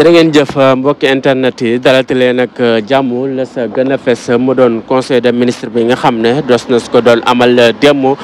jërë ngeen jëf mbokki internet yi dalati leen ak euh, jàmm la sa gën a fes mu doon conseil de ministres bi nga xam ne dos na su ko doon amal euh, démb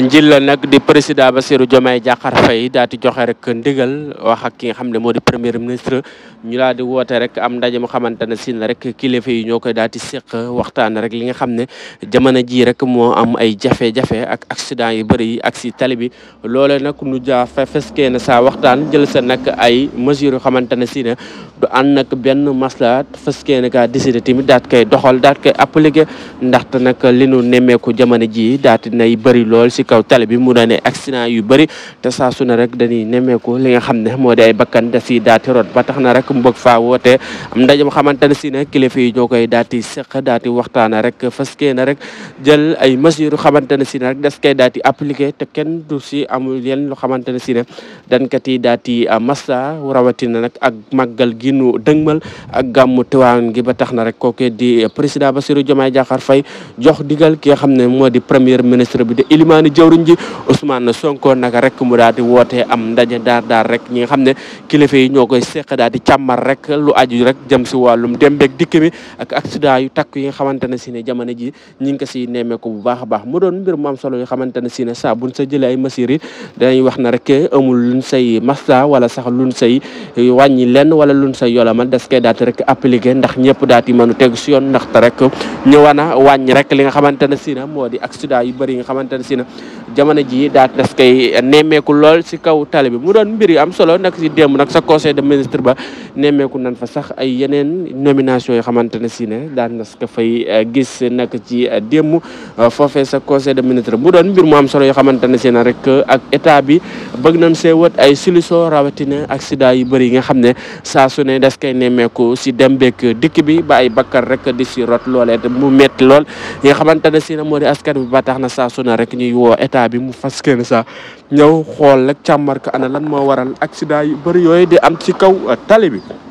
njilla nag di président Bassirou Diomaye Diakhar Faye daal di joxe rek ndigal wax ak ki nga xam ne moo di premier ministre ñu daal di woote rek am ndaje mu xamante ne si rek kilifa yi ñoo koy daal di seq waxtaan rek li nga xam ne jamono jii rek moo am ay jafe-jafe ak accident yu bëri yi ak si tali bi loole nag nu jaa feskee na saa waxtaan jël sa nag ay mesures yu xamante ne si ne du nag benn masla feskee na kaa décidé tamit daat koy doxal daat koy appliqué ndaxte nag li nu nemmeeku jamono jii daal di bëri lool si ci kaw tali bi mu ne accident yu bëri te saa su rek dañuy nemmeeku li xam ne moo di ay bakkan da si daati rot ba tax na rek mu bëgg faa woote am ndaje mu xamante ne si ne kilifa yi ñoo koy daati seq daati waxtaana rek fas kee na rek jël ay mesures xamante ne si ne rek des koy daati appliqué te kenn du si amul yenn lu xamante ne si ne dañ ko ti daati massa rawatina nag ak màggal gi nu dëgmal ak gàmmu Tiwaawan gi ba tax na rek kooku di président Bassirou Diomaye Diakhar Faye jox digal ki xam ne moo premier ministre bi de Ilimani jëwriñ ji na Sonko naka rek mu daal di wootee am ndaje daal daal rek ñi nga xam ne kilifa yi ñoo koy seq daal di càmmar rek lu aju rek jëm si wàllum dem beeg dikk mi ak accident yu takk yi nga xamante ne si ne jamono ji ñi ngi ko si nemmeeku bu baax a baax mu doon mbir mu solo yoo xamante ne si ne saa buñ sa jëlee ay mesures yi danañ wax na rek amul luñ say masta wala sax luñ say wàññi lenn wala luñ say yolamal des koy daal di rek appliqué ndax ñëpp daal di mënu tegu si yoon ndaxte rek ñu wana wàññi rek li nga xamante ne si ne moo di accident yu bëri yi nga xamante ne si ne jamono ji daa des koy nemmeeku lool si kaw tali bi mu doon mbir yi am solo nag si démb nag sa conseil de ba nemmeeku nan fa sax ay yeneen nomination yoo xamante ne si ne daan nas ko fay eh, gis nag ci eh, démb eh, foofee sa conseil de ministre mu doon mbir mu am solo yoo xamante ne si rek état bi bëgg nañ see ay solution rawatina accident yu bëri yi nga xam ne saa su ne des koy nemmeeku si dem beeg dikk bi ba ay bakkar rek di si rot loolee mu metti lool yi nga si ne moo di askan bi ba tax na saa su rek ñuy woo woo bi mu fas kenn sa ñëw xool rek càmmarka ana lan moo waral accident yu bëri yooyu di am ci kaw tali bi